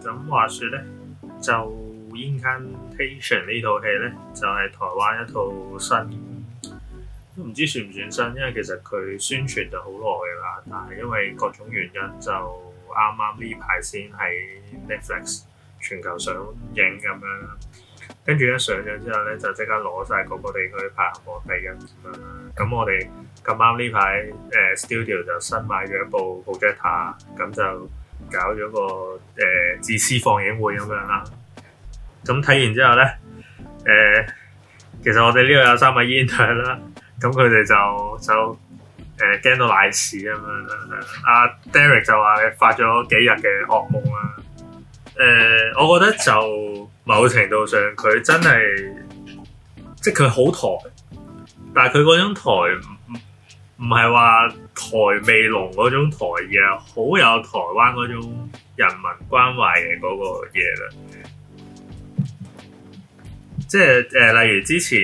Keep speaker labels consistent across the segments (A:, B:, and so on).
A: 咁話說呢，就《Incantation》呢套戲呢，就係、是、台灣一套新都唔知算唔算新，因為其實佢宣傳就好耐噶啦，但係因為各種原因就啱啱呢排先喺 Netflix 全球上映咁樣啦。跟住一上咗之後呢，就即刻攞晒各個地區排行榜第一咁樣啦。咁我哋咁啱呢排誒 Studio 就新買咗一部 Projector，、er, 咁就。搞咗個誒、呃、自私放映會咁樣啦，咁睇完之後咧，誒、呃、其實我哋呢度有三個煙台啦，咁佢哋就就誒驚到瀨屎咁樣啦。阿、呃啊、Derek 就話：你發咗幾日嘅惡夢啦。誒，我覺得就某程度上佢真係，即係佢好頹，但係佢嗰種頹。唔係話台味濃嗰種台嘢，好有台灣嗰種人民關懷嘅嗰個嘢啦。即係誒、呃，例如之前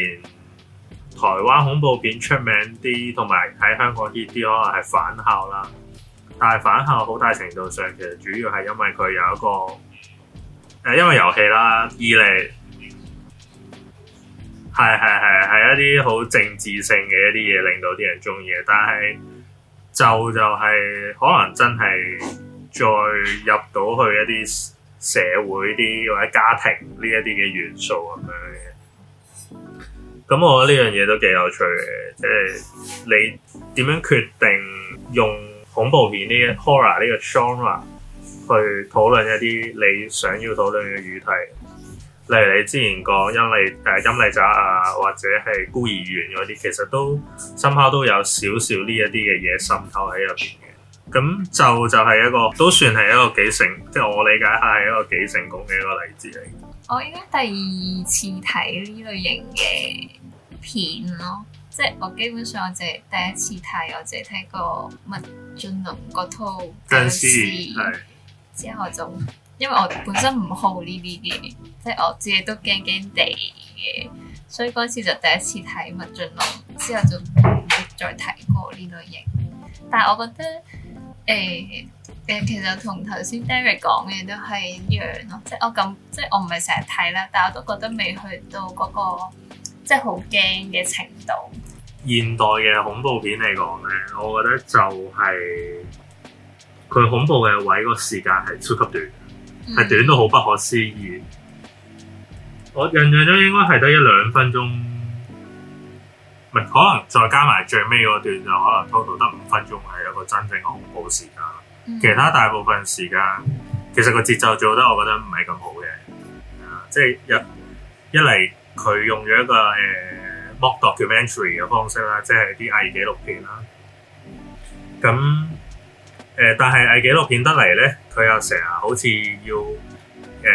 A: 台灣恐怖片出名啲，同埋喺香港 hit 啲，可能係返校啦。但係返校好大程度上，其實主要係因為佢有一個誒、呃，因為遊戲啦，二嚟。係係係係一啲好政治性嘅一啲嘢令到啲人中意嘅，但係就就係可能真係再入到去一啲社會啲或者家庭呢一啲嘅元素咁樣嘅。咁我覺得呢樣嘢都幾有趣嘅，即係你點樣決定用恐怖片呢個 horror 呢個 genre 去討論一啲你想要討論嘅議題？例如你之前講陰利誒、陰利爪啊，或者係孤兒院嗰啲，其實都深刻都有少少呢一啲嘅嘢滲透喺入邊嘅。咁就就係、是、一個都算係一個幾成，即係我理解下係一個幾成功嘅一個例子嚟。
B: 我應該第二次睇呢類型嘅片咯，即係我基本上我就係第一次睇，我就係睇過麥浚龍嗰套殭屍，是是之後我就。因為我本身唔好呢啲嘢，即係我自己都驚驚地嘅，所以嗰次就第一次睇《麥浚龍》，之後就唔再睇過呢類型。但係我覺得，誒、欸、誒、欸，其實同頭先 Derek 講嘅都係一樣咯，即係我咁，即係我唔係成日睇啦，但係我都覺得未去到嗰、那個即係好驚嘅程度。
A: 現代嘅恐怖片嚟講咧，我覺得就係、是、佢恐怖嘅位個時間係超級短。係短到好不可思議，我印象中應該係得一兩分鐘，唔可能再加埋最尾嗰段就可能 total 得五分鐘，係一個真正嘅恐怖時間。其他大部分時間其實個節奏做得我覺得唔係咁好嘅，啊，即係一一嚟佢用咗一個誒、呃、mock documentary 嘅方式啦，即係啲偽紀錄片啦，咁。誒，但係係紀錄片得嚟咧，佢又成日好似要誒、呃、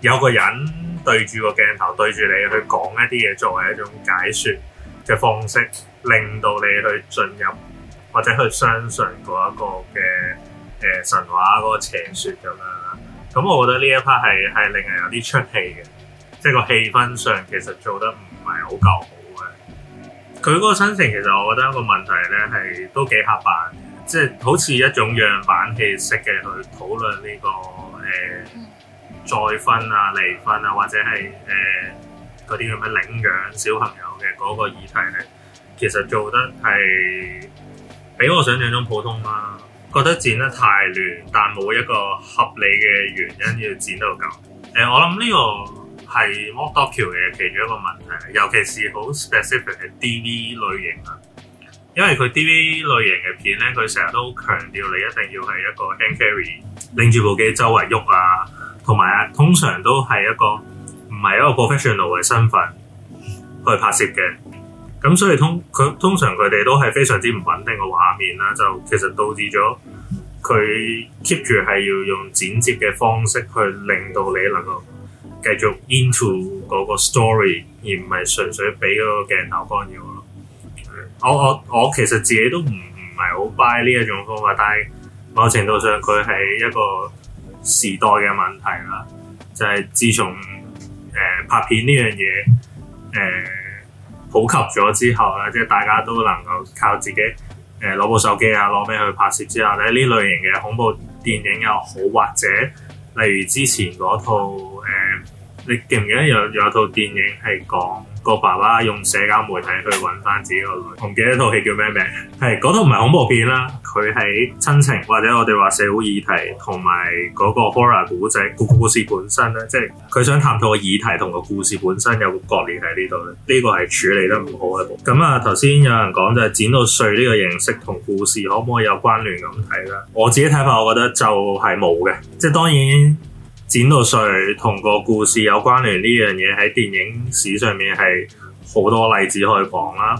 A: 有個人對住個鏡頭對住你去講一啲嘢，作為一種解説嘅方式，令到你去進入或者去相信嗰一個嘅誒、呃、神話嗰個邪説咁樣。咁、嗯、我覺得呢一 part 係係令人有啲出戲嘅，即係個氣氛上其實做得唔係好夠好嘅。佢嗰個身型其實我覺得一個問題咧係都幾刻板。即係好似一種樣板戲式嘅去討論呢、這個誒、欸、再婚啊、離婚啊，或者係誒嗰啲咁嘅領養小朋友嘅嗰個議題咧，其實做得係比我想象中普通啦。覺得剪得太亂，但冇一個合理嘅原因要剪到咁。誒、欸，我諗呢個係《木道橋》嘅其中一個問題，尤其是好 specific 嘅 DV 類型啊。因為佢 D.V. 類型嘅片咧，佢成日都強調你一定要係一個 hand carry 拎住部機周圍喐啊，同埋啊，通常都係一個唔係一個 professional 嘅身份去拍攝嘅。咁所以通佢通常佢哋都係非常之唔穩定嘅畫面啦,就其實導致咗佢 keep 住係要用剪接嘅方式去令到你能夠繼續 into 個 story，而唔係純粹俾個鏡頭干擾。我我我其實自己都唔唔係好 buy 呢一種方法，但係某程度上佢係一個時代嘅問題啦。就係、是、自從誒、呃、拍片呢樣嘢誒普及咗之後咧，即係大家都能夠靠自己誒攞、呃、部手機啊攞咩去拍攝之後咧，呢類型嘅恐怖電影又好，或者例如之前嗰套誒、呃，你記唔記得有有套電影係講個爸爸用社交媒體去揾翻自己個女，唔記得套戲叫咩名？係嗰套唔係恐怖片啦，佢係親情或者我哋話社會議題，同埋嗰個 horror 古仔故事本身咧，即係佢想探討個議題同個故事本身有個割裂喺呢度，呢個係處理得唔好嘅。咁啊，頭先有人講就係、是、剪到碎呢個形式同故事可唔可以有關聯咁睇啦？我自己睇法，我覺得就係冇嘅。即當然。剪到碎同個故事有關聯呢樣嘢，喺電影史上面係好多例子可以講啦。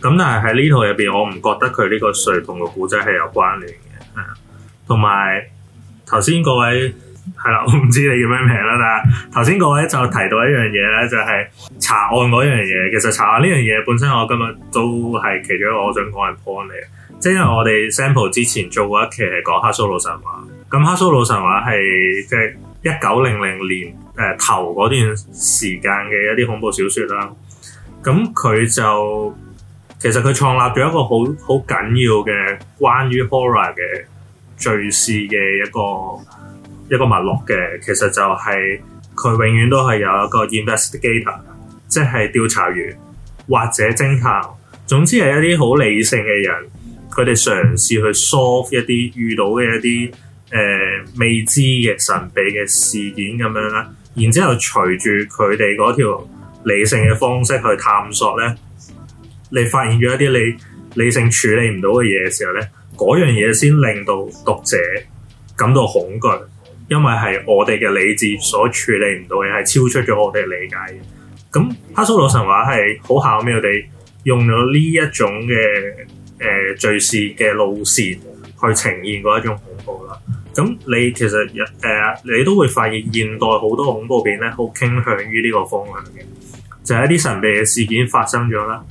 A: 咁但係喺呢套入邊，我唔覺得佢呢個碎同個古仔係有關聯嘅。係、嗯、啊，同埋頭先嗰位係啦，我、嗯、唔知你叫咩名啦，但係頭先嗰位就提到一樣嘢咧，就係、是、查案嗰樣嘢。其實查案呢樣嘢本身我今日都係其中一個我想講嘅 point 嚟，嘅，即係因為我哋 sample 之前做過一期係講黑蘇老神話，咁黑蘇老神話係即係。一九零零年誒、呃、頭嗰段時間嘅一啲恐怖小說啦，咁、嗯、佢就其實佢創立咗一個好好緊要嘅關於 horror 嘅敍事嘅一個一個脈絡嘅，其實就係、是、佢永遠都係有一個 investigator，即係調查員或者偵探，總之係一啲好理性嘅人，佢哋嘗試去 solve 一啲遇到嘅一啲。誒、呃、未知嘅神秘嘅事件咁樣啦。然之後隨住佢哋嗰條理性嘅方式去探索咧，你發現咗一啲你理，理性處理唔到嘅嘢嘅時候咧，嗰樣嘢先令到讀者感到恐懼，因為係我哋嘅理智所處理唔到嘅係超出咗我哋理解嘅。咁《哈蘇魯神話》係好巧妙地用咗呢一種嘅誒敘事嘅路線去呈現嗰一種恐怖啦。咁你其實誒、呃，你都會發現現代好多恐怖片咧，好傾向於呢個方向嘅，就係、是、一啲神秘嘅事件發生咗啦。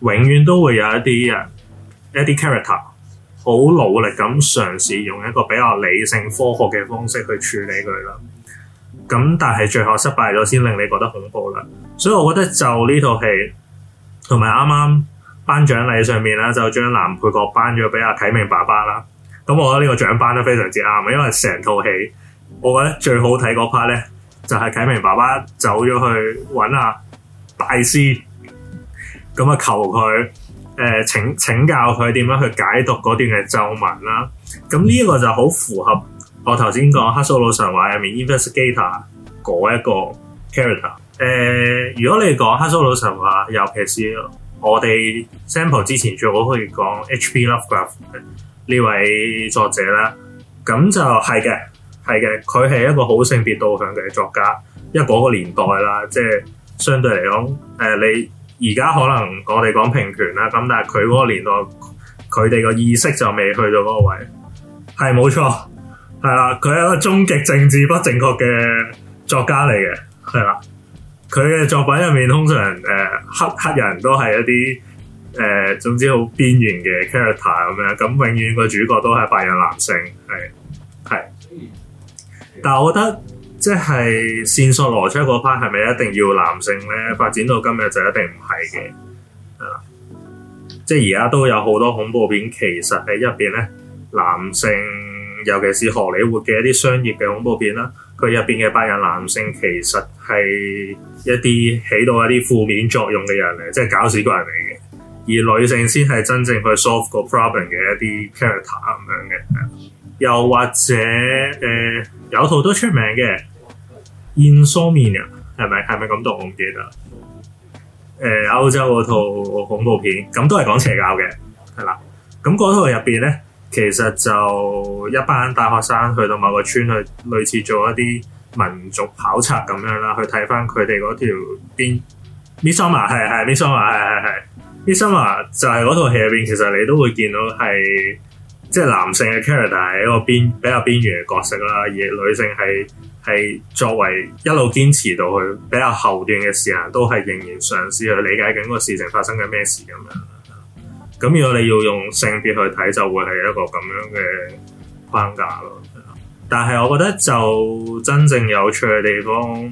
A: 永遠都會有一啲啊一啲 i t character 好努力咁嘗試用一個比較理性科學嘅方式去處理佢啦。咁但係最後失敗咗，先令你覺得恐怖啦。所以，我覺得就呢套戲同埋啱啱頒獎禮上面呢，就將男配角頒咗俾阿啟明爸爸啦。咁我覺得呢個獎班都非常之啱，因為成套戲我覺得最好睇嗰 part 咧，就係、是、啟明爸爸走咗去揾阿大師，咁啊求佢誒、呃、請請教佢點樣去解讀嗰段嘅咒文啦。咁呢一個就好符合我頭先講《克蘇魯神話》入面 investigator 嗰一個 character。誒、呃，如果你講《克蘇魯神話》，尤其是我哋 sample 之前最好可以講 H. P. Lovecraft。呢位作者啦，咁就係嘅，係嘅，佢係一個好性別導向嘅作家，因為嗰個年代啦，即係相對嚟講，誒，你而家可能我哋講平權啦，咁但係佢嗰個年代，佢哋、呃、個意識就未去到嗰個位，係冇錯，係啦，佢係一個終極政治不正確嘅作家嚟嘅，係啦，佢嘅作品入面通常誒、呃、黑黑人都係一啲。誒、呃，總之好邊緣嘅 character 咁樣，咁永遠個主角都係白人男性，係係。但係我覺得，即係線索攞出嗰 part 係咪一定要男性咧？發展到今日就一定唔係嘅，係啦、啊。即係而家都有好多恐怖片，其實喺入邊咧，男性尤其是荷里活嘅一啲商業嘅恐怖片啦，佢入邊嘅白人男性其實係一啲起到一啲負面作用嘅人嚟，即、就、係、是、搞死怪嚟嘅。而女性先係真正去 solve 個 problem 嘅一啲 character 咁樣嘅，又或者誒、呃、有一套都出名嘅《Midsommar》，係咪係咪咁讀？我唔記得。誒、呃，歐洲嗰套恐怖片咁都係講邪教嘅，係啦。咁嗰套入邊咧，其實就一班大學生去到某個村去，類似做一啲民族考察咁樣啦，去睇翻佢哋嗰條邊。m i a 係係 s m a l i a 係係醫生話就係嗰套戲入邊，其實你都會見到係即係男性嘅 character 係一個邊比較邊緣嘅角色啦，而女性係係作為一路堅持到去比較後段嘅時間，都係仍然嘗試去理解緊個事情發生緊咩事咁樣。咁如果你要用性別去睇，就會係一個咁樣嘅框架咯。但係我覺得就真正有趣嘅地方，誒、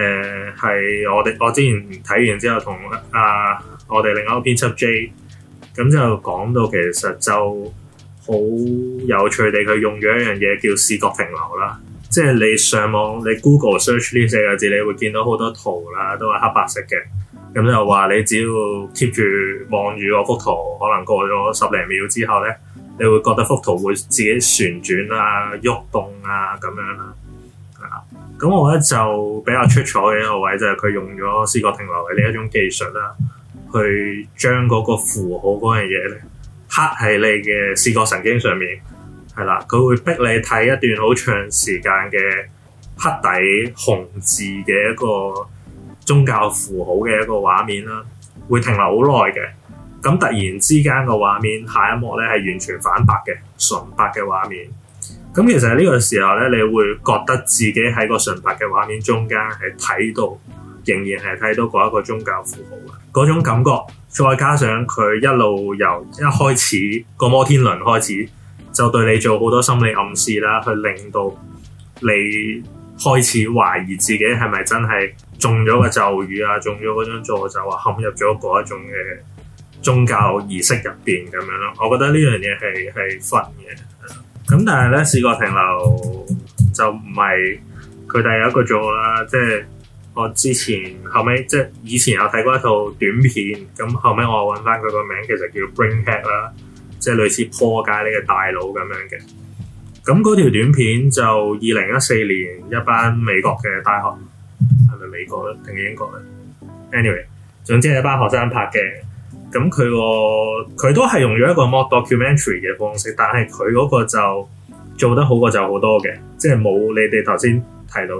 A: 呃、係我哋我之前睇完之後同阿。我哋另外一個編輯 J，咁就講到其實就好有趣地，佢用咗一樣嘢叫視覺停留啦。即係你上網，你 Google search 呢四個字，你會見到好多圖啦，都係黑白色嘅。咁就話你只要 keep 住望住嗰幅圖，可能過咗十零秒之後咧，你會覺得幅圖會自己旋轉啊、喐動，動啊咁樣啦。係啊，咁我咧就比較出彩嘅一個位就係、是、佢用咗視覺停留嘅呢一種技術啦。去將嗰個符號嗰樣嘢咧，刻喺你嘅視覺神經上面係啦，佢會逼你睇一段好長時間嘅黑底紅字嘅一個宗教符號嘅一個畫面啦，會停留好耐嘅。咁突然之間個畫面下一幕咧係完全反白嘅純白嘅畫面。咁其實呢個時候咧，你會覺得自己喺個純白嘅畫面中間係睇到，仍然係睇到嗰一個宗教符號嘅。嗰種感覺，再加上佢一路由一開始個摩天輪開始，就對你做好多心理暗示啦，去令到你開始懷疑自己係咪真係中咗個咒語啊，中咗嗰種詛咒就話陷入咗嗰一種嘅宗教儀式入邊咁樣咯。我覺得呢樣嘢係係分嘅，咁但係呢，試過停留就唔係佢第一個做啦，即係。我之前後尾，即係以前有睇過一套短片，咁後尾我揾翻佢個名，其實叫 Brain Hack 啦，即係類似破解你嘅大腦咁樣嘅。咁嗰條短片就二零一四年一班美國嘅大學，係咪美國定英國咧？Anyway，總之係一班學生拍嘅。咁佢個佢都係用咗一個 mod documentary 嘅方式，但係佢嗰個就做得好過就好多嘅，即係冇你哋頭先提到。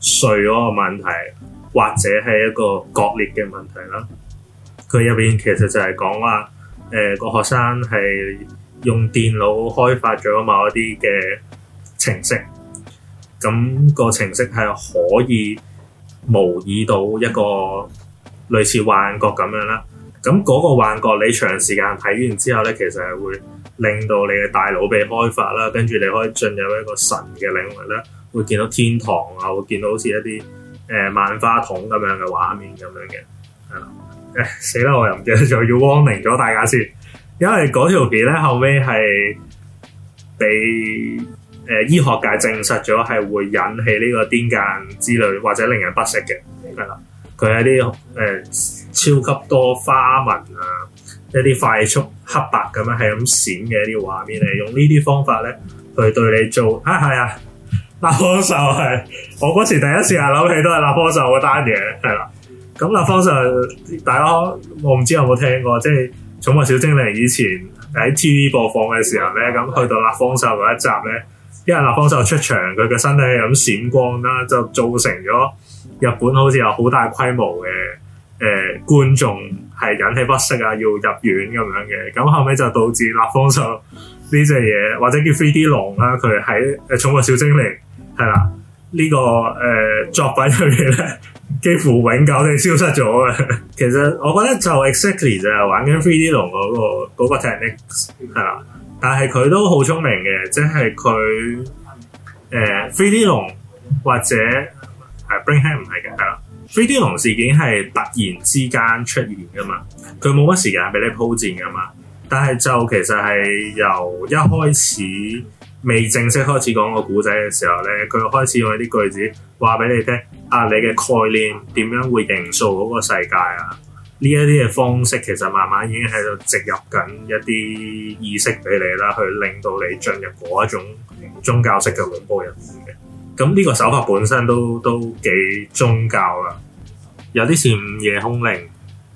A: 稅嗰個問題，或者係一個割裂嘅問題啦。佢入邊其實就係講話，誒、呃、個學生係用電腦開發咗某一啲嘅程式，咁、嗰個程式係可以模擬到一個類似幻覺咁樣啦。咁、那、嗰個幻覺，你長時間睇完之後咧，其實係會令到你嘅大腦被開發啦，跟住你可以進入一個神嘅領域咧。會見到天堂啊！會見到好似一啲誒、呃、萬花筒咁樣嘅畫面咁樣嘅，係啦，誒、死啦！我又唔記得，又要 warning 咗大家先，因為嗰條片咧後尾係被誒、呃、醫學界證實咗係會引起呢個癲癇之類或者令人不適嘅，係啦，佢係一啲誒、呃、超級多花紋啊，一啲快速黑白咁樣係咁閃嘅一啲畫面嚟，用呢啲方法咧去對你做啊係啊！立方獸係，我嗰時第一次啊諗起都係立方獸嗰單嘢係啦。咁立方獸大家我唔知有冇聽過，即係《寵物小精靈》以前喺 TV 播放嘅時候咧，咁去到立方獸嗰一集咧，因為立方獸出場，佢嘅身體係咁閃光啦，就造成咗日本好似有好大規模嘅誒、呃、觀眾係引起不適啊，要入院咁樣嘅。咁後尾就導致立方獸呢隻嘢，或者叫 3D 龍啦，佢喺《寵物小精靈》。係啦，呢、這個誒、呃、作品入面咧， 幾乎永久地消失咗嘅。其實我覺得就 exactly 就係玩緊 three D 龍嗰、那個、那個、techniques 係啦，但係佢都好聰明嘅，即係佢誒 three D 龍或者係 bring head 唔係嘅係啦，three D 龍事件係突然之間出現噶嘛，佢冇乜時間俾你鋪墊噶嘛，但係就其實係由一開始。未正式開始講個故仔嘅時候呢，佢開始用一啲句子話俾你聽，啊，你嘅概念點樣會營造嗰個世界啊？呢一啲嘅方式其實慢慢已經喺度植入緊一啲意識俾你啦，去令到你進入嗰一種宗教式嘅恐怖入面嘅。咁呢個手法本身都都幾宗教啦，有啲似午夜兇鈴。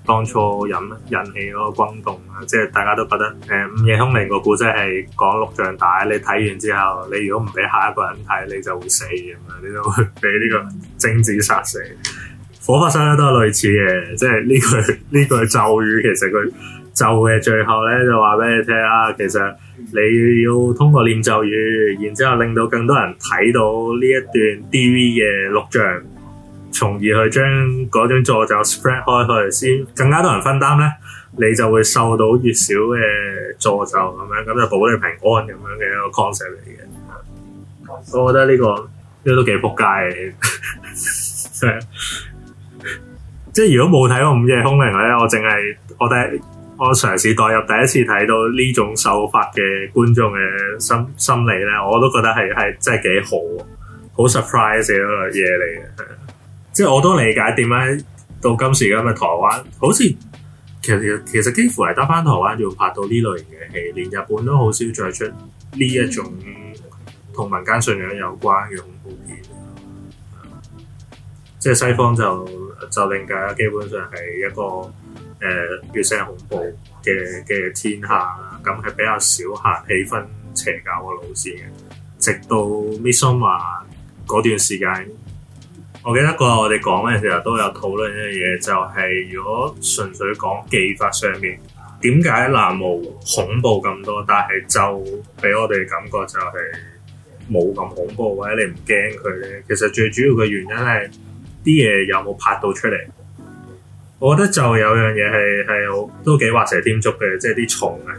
A: 當初引引起嗰個轟動啊，即係大家都覺得誒《午、呃、夜凶靈》個故仔係講錄像帶，你睇完之後，你如果唔俾下一個人睇，你就會死咁樣，你就會俾呢個精子殺死。《火化身》咧都係類似嘅，即係呢句呢句咒語其實佢咒嘅最後咧就話俾你聽啊，其實你要通過唸咒語，然之後令到更多人睇到呢一段 D V 嘅錄像。從而去將嗰種助咒 spread 開去，先更加多人分擔咧，你就會受到越少嘅助咒咁樣，咁就保你平安咁樣嘅一個 concept 嚟嘅。我覺得呢、呢個呢都幾撲街，呢個、 即係即係如果冇睇過《午夜凶鈴》咧，我淨係我第一我嘗試代入第一次睇到呢種手法嘅觀眾嘅心心理咧，我都覺得係係真係幾好，好 surprise 嘅一個嘢嚟嘅。即係我都理解點解到今時今日台灣好似其實其實幾乎係得返台灣要拍到呢類型嘅戲，連日本都好少再出呢一種同民間信仰有關嘅恐怖片。嗯、即係西方就就令緊，基本上係一個誒血腥恐怖嘅嘅天下啦。咁係比較少行氣氛邪教嘅路線嘅。直到 Midsommar 嗰段時間。我記得過我哋講嘅時候都有討論一樣嘢，就係如果純粹講技法上面，點解藍毛恐怖咁多？但係就俾我哋感覺就係冇咁恐怖，或者你唔驚佢咧。其實最主要嘅原因係啲嘢，有冇拍到出嚟。我覺得就有樣嘢係係好都幾畫蛇添足嘅，即係啲蟲啊，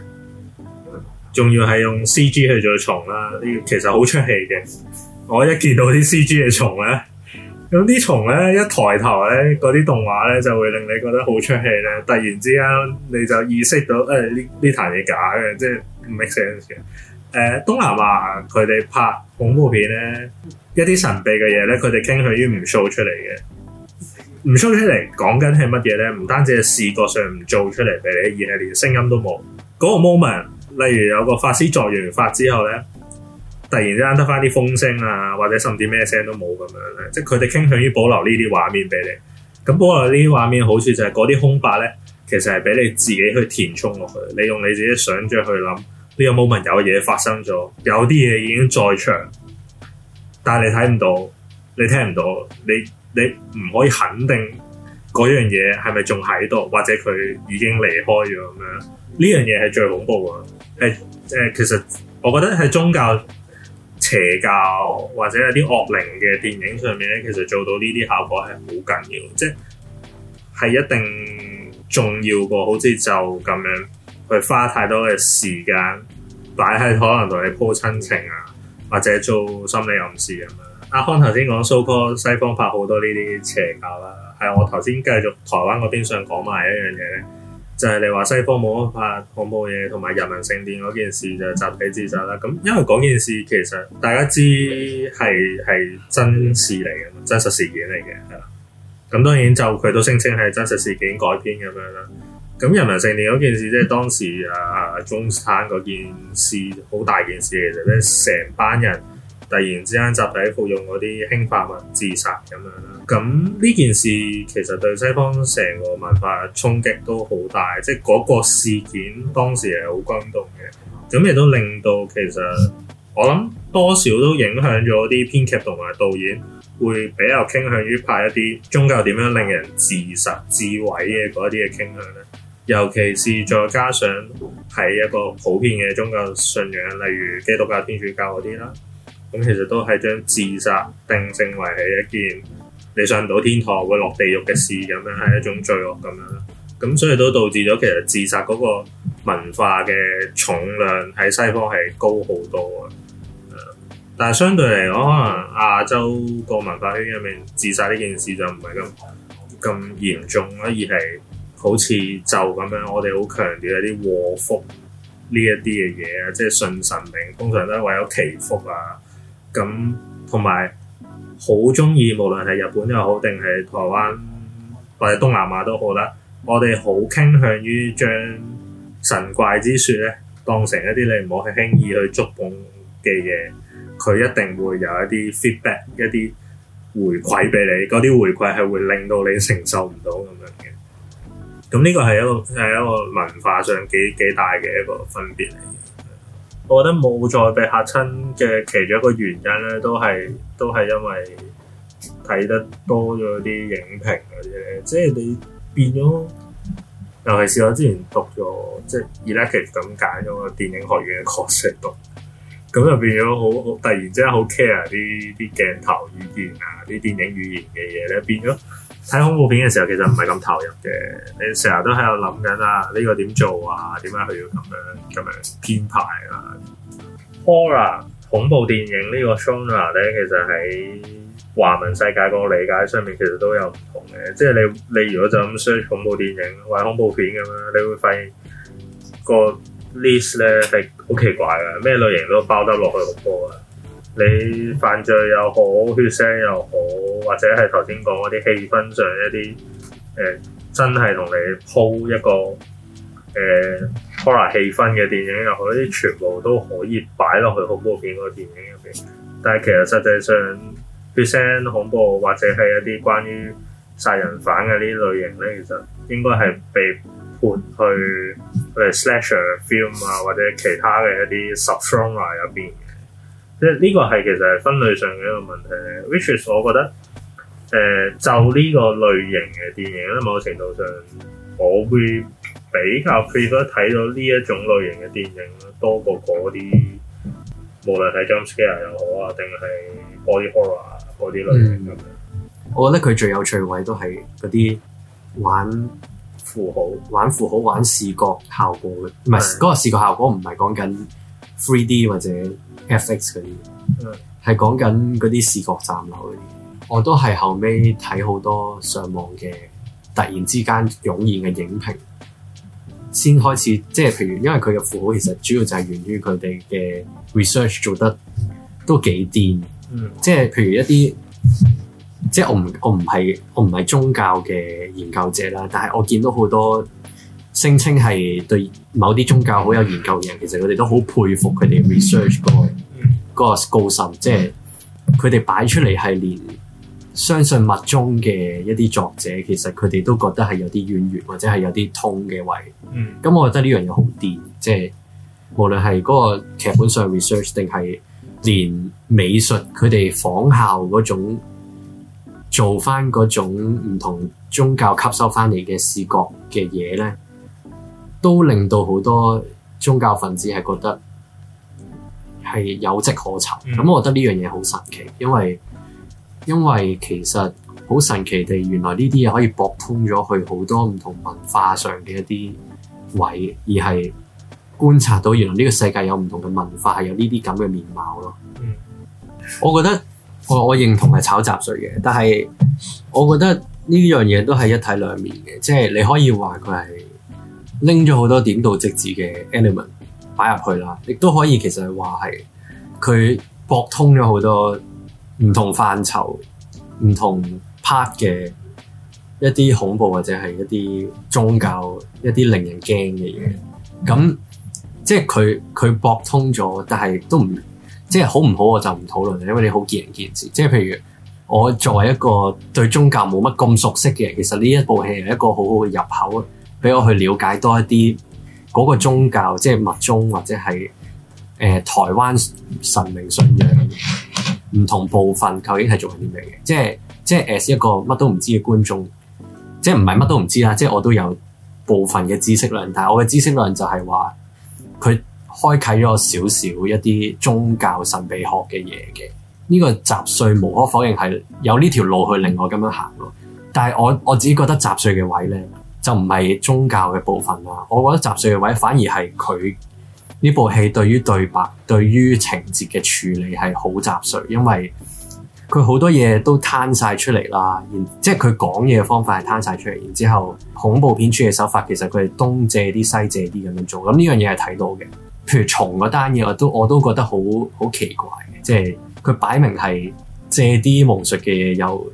A: 仲要係用 C G 去做蟲啦。呢其實好出戲嘅。我一見到啲 C G 嘅蟲咧。咁啲蟲咧一抬頭咧，嗰啲動畫咧就會令你覺得好出戲咧。突然之間你就意識到，誒呢呢單嘢假嘅，即係唔 make sense 嘅，呃。誒東南亞佢哋拍恐怖片咧，一啲神秘嘅嘢咧，佢哋傾向於唔 show 出嚟嘅，唔 show 出嚟講緊係乜嘢咧？唔單止係視覺上唔做出嚟俾你，而係連聲音都冇。嗰、嗰個 moment，例如有個法師作完法之後咧。突然之間得返啲風聲啊，或者甚至咩聲都冇咁樣咧，即係佢哋傾向於保留呢啲畫面俾你。咁不過呢啲畫面嘅好處就係嗰啲空白咧，其實係俾你自己去填充落去。你用你自己想像去諗，你、這個、moment 有嘢發生咗？有啲嘢已經在場，但係你睇唔到，你聽唔到，你你唔可以肯定嗰樣嘢係咪仲喺度，或者佢已經離開咗咁樣。呢樣嘢係最恐怖啊！誒、欸、誒、欸，其實我覺得係宗教。邪教或者有啲惡靈嘅電影上面咧，其實做到呢啲效果係好緊要，即係一定重要過好，好似就咁樣去花太多嘅時間擺喺可能同你鋪親情啊，或者做心理暗示咁樣。阿、啊、康頭先講，蘇、so、科西方拍好多呢啲邪教啦，係我頭先繼續台灣嗰邊想講埋一樣嘢咧。就係你話西方冇乜拍恐怖嘢，同埋人民聖殿嗰件事就集體自殺啦。咁因為嗰件事其實大家知係係真事嚟嘅，真實事件嚟嘅係啦。咁當然就佢都聲稱係真實事件改編咁樣啦。咁人民聖殿嗰件事即係當時啊中產嗰件事好大件事嚟嘅，即係成班人。突然之間集體服用嗰啲氰化物自殺咁樣啦，咁呢件事其實對西方成個文化衝擊都好大，即係嗰個事件當時係好轟動嘅，咁亦都令到其實我諗多少都影響咗啲編劇同埋導演會比較傾向於拍一啲宗教點樣令人自殺自毀嘅嗰啲嘅傾向咧，尤其是再加上喺一個普遍嘅宗教信仰，例如基督教、天主教嗰啲啦。咁其實都係將自殺定性為係一件你上唔到天堂會落地獄嘅事咁樣，係一種罪惡咁樣。咁所以都導致咗其實自殺嗰個文化嘅重量喺西方係高好多嘅，嗯。但係相對嚟講，可能亞洲個文化圈入面，自殺呢件事就唔係咁咁嚴重啦，而係好似就咁樣。我哋好強調一啲禍福呢一啲嘅嘢啊，即係信神明通常都係為咗祈福啊。.咁同埋好鍾意，無論係日本又好，定係台灣或者東南亞都好啦。我哋好傾向於將神怪之説呢，當成一啲你唔好去輕易去觸碰嘅嘢。佢一定會有一啲 feedback，一啲回饋俾你。嗰啲回饋係會令到你承受唔到咁樣嘅。咁呢個係一個係一個文化上幾幾大嘅一個分別嚟。我覺得冇再被嚇親嘅其中一個原因咧，都係都係因為睇得多咗啲影評嗰啲，即係你變咗。尤其是我之前讀咗即係、elective 咁揀咗個電影學院嘅 course 讀，咁就變咗好突然之間好 care 啲啲鏡頭語言啊，啲電影語言嘅嘢咧變咗。睇恐怖片嘅時候，其實唔係咁投入嘅。你成日都喺度諗緊啊，呢個點做啊？點解佢要咁樣咁樣編排啊？Horror 恐怖電影呢個 genre 咧，其實喺華文世界個理解上面，其實都有唔同嘅。即係你你如果就咁 search 恐怖電影或者恐怖片咁樣，你會發現個 list 咧係好奇怪嘅，咩類型都包得落去好多啊。你犯罪又好，血腥又好。或者係頭先講嗰啲氣氛上一啲誒、呃，真係同你鋪一個誒、呃、horror 氣氛嘅電影，又或者全部都可以擺落去恐怖片嗰個電影入邊。但係其實實際上 present 恐怖，或者係一啲關於殺人犯嘅呢類型咧，其實應該係被判去例如 slasher film 啊，或者其他嘅一啲 sub genre 入邊嘅。即係呢個係其實係分類上嘅一個問題。which is 我覺得。誒，就呢個類型嘅電影咧，某程度上我會比較 prefer 睇到呢一種類型嘅電影多過嗰啲無論係 jump scare 又好啊，定係 body horror 嗰啲類型咁樣、嗯。我覺得佢最有趣位都係嗰啲玩符號、豪玩符號、
B: 玩視覺效果嘅，唔係嗰個視覺效果唔係講緊 3D 或者 FX 嗰啲，係講緊嗰啲視覺暫留啲。我都係後尾睇好多上網嘅突然之間湧現嘅影評，先開始即係譬如，因為佢嘅符號其實主要就係源於佢哋嘅 research 做得都幾癲，即係譬如一啲即係我唔我唔係我唔係宗教嘅研究者啦，但係我見到好多聲稱係對某啲宗教好有研究嘅人，其實佢哋都好佩服佢哋 research、嗰個、嗰個高手，即係佢哋擺出嚟係連。相信物中嘅一啲作者，其實佢哋都覺得係有啲淵源或者係有啲通嘅位。咁、嗯嗯、我覺得呢樣嘢好掂，即、就、係、是、無論係嗰個劇本上 research 定係連美術佢哋仿效嗰種做翻嗰種唔同宗教吸收翻嚟嘅視覺嘅嘢咧，都令到好多宗教分子係覺得係有跡可尋。咁、嗯嗯、我覺得呢樣嘢好神奇，因為。因為其實好神奇地，原來呢啲嘢可以駁通咗佢好多唔同文化上嘅一啲位，而係觀察到原來呢個世界有唔同嘅文化係有呢啲咁嘅面貌咯。我覺得我我認同係炒雜碎嘅，但係我覺得呢樣嘢都係一體兩面嘅，即係你可以話佢係拎咗好多點到即止嘅 element 擺入去啦，亦都可以其實話係佢駁通咗好多。唔同範疇、唔同 part 嘅一啲恐怖或者係一啲宗教一啲令人驚嘅嘢，咁即係佢佢駁通咗，但係都唔即係好唔好我就唔討論，因為你好見仁見智。即係譬如我作為一個對宗教冇乜咁熟悉嘅人，其實呢一部戲係一個好好嘅入口，俾我去了解多一啲嗰個宗教，即係密宗或者係誒、呃、台灣神明信仰。唔同部分究竟係做緊啲咩嘅？即係即係誒，一個乜都唔知嘅觀眾，即係唔係乜都唔知啦。即係我都有部分嘅知識量，但係我嘅知識量就係話佢開啟咗少少一啲宗教神秘學嘅嘢嘅。呢個雜碎無可否認係有呢條路去令我咁樣行咯。但係我我自己覺得雜碎嘅位呢，就唔係宗教嘅部分啦。我覺得雜碎嘅位反而係佢。呢部戲對於對白、對於情節嘅處理係好雜碎，因為佢好多嘢都攤晒出嚟啦，即係佢講嘢嘅方法係攤晒出嚟。然之後，恐怖片出嘅手法其實佢係東借啲、西借啲咁樣做。咁呢樣嘢係睇到嘅。譬如蟲嗰單嘢，我都我都覺得好好奇怪嘅，即係佢擺明係借啲巫術嘅嘢，又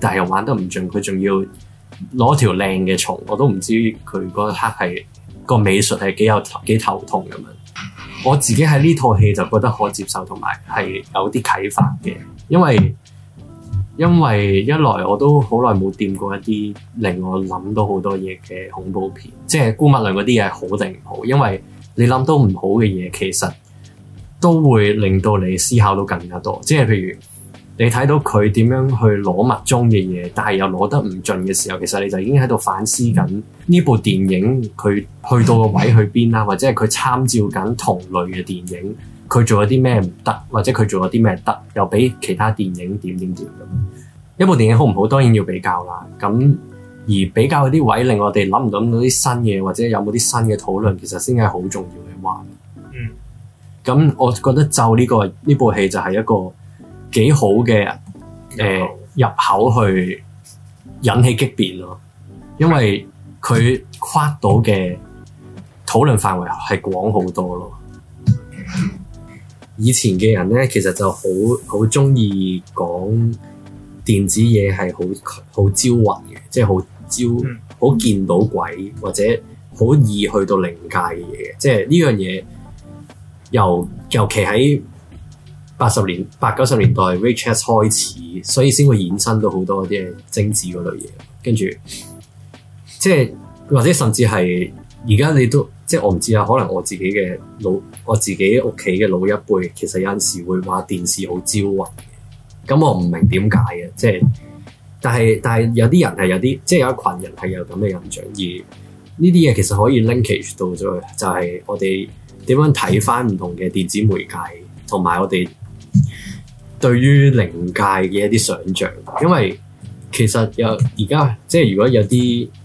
B: 但係又玩得唔盡，佢仲要攞條靚嘅蟲，我都唔知佢嗰一刻係個美術係幾有幾頭痛咁樣。我自己喺呢套戲就覺得可接受同埋係有啲啟發嘅，因為因為一來我都好耐冇掂過一啲令我諗到好多嘢嘅恐怖片，即係姑勿論嗰啲嘢係好定唔好，因為你諗到唔好嘅嘢，其實都會令到你思考到更加多，即係譬如。你睇到佢點樣去攞物中嘅嘢，但係又攞得唔盡嘅時候，其實你就已經喺度反思緊呢部電影佢去到個位去邊啦，或者係佢參照緊同類嘅電影，佢做咗啲咩唔得，或者佢做咗啲咩得，又比其他電影點點點咁。一部電影好唔好，當然要比較啦。咁而比較嗰啲位，令我哋諗唔到啲新嘢，或者有冇啲新嘅討論，其實先係好重要嘅話。嗯。咁我覺得就呢、呢個呢部戲就係一個。幾好嘅，誒、呃、入口去引起激辯咯，因為佢跨到嘅討論範圍係廣好多咯。以前嘅人咧，其實就好好鍾意講電子嘢係好好招魂嘅，即係好招好見到鬼或者好易去到靈界嘅嘢。即係呢樣嘢，尤尤其喺。八十年、八九十年代 VHS 開始，所以先會衍生到好多啲精緻嗰類嘢。跟住，即係或者甚至係而家你都即係我唔知啊。可能我自己嘅老，我自己屋企嘅老一輩，其實有陣時會話電視好招魂嘅。咁我唔明點解嘅，即係但係但係有啲人係有啲即係有一群人係有咁嘅印象。而呢啲嘢其實可以 linkage 到咗，就係我哋點樣睇翻唔同嘅電子媒介，同埋我哋。對於靈界嘅一啲想像，因為其實有而家即係如果有啲，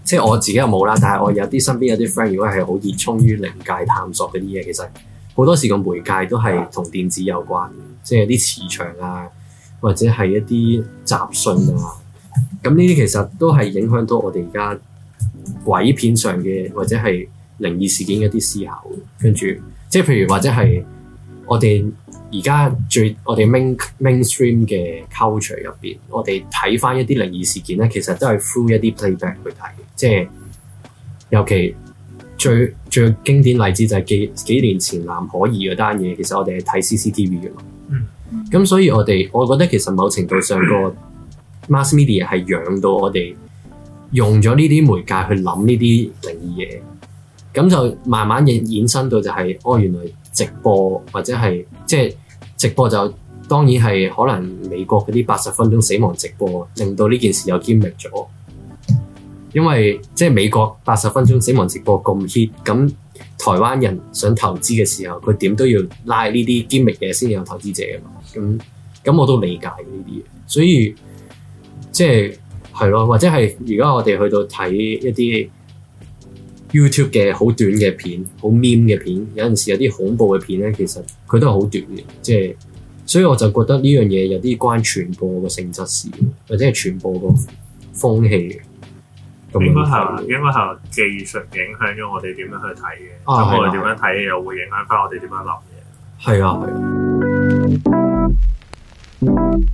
B: 即係我自己又冇啦。但係我有啲身邊有啲 friend，如果係好熱衷於靈界探索嗰啲嘢，其實好多時個媒介都係同電子有關嘅，即係啲磁場啊，或者係一啲雜訊啊。咁呢啲其實都係影響到我哋而家鬼片上嘅，或者係靈異事件嘅一啲思考。跟住即係譬如或者係我哋。而家最我哋 mainstream 嘅 culture 入邊，我哋睇翻一啲靈異事件咧，其實都係 full 一啲 playback 去睇，即係尤其最最經典例子就係幾幾年前藍可兒嗰單嘢，其實我哋係睇 CCTV 嘅嘛。咁、嗯、所以我哋我覺得其實某程度上個 mass media 係養到我哋用咗呢啲媒介去諗呢啲靈異嘢，咁就慢慢引引申到就係、是、哦，原來直播或者係即係。直播就當然係可能美國嗰啲八十分鐘死亡直播，令到呢件事又揭秘咗。因為即係美國八十分鐘死亡直播咁 hit，咁台灣人想投資嘅時候，佢點都要拉呢啲揭秘嘅先有投資者啊嘛。咁咁我都理解呢啲嘢，所以即係係咯，或者係而家我哋去到睇一啲。YouTube 嘅好短嘅片，好 meme 嘅片，有陣時有啲恐怖嘅片咧，其實佢都係好短嘅，即係，所以我就覺得呢樣嘢有啲關傳播個性質事，或者係傳播個風氣嘅。咁應該係
A: 應該係技術影響咗我哋點樣去睇嘅，就，啊啊，我哋點樣睇又會影響翻我哋點樣
B: 諗嘅。係啊。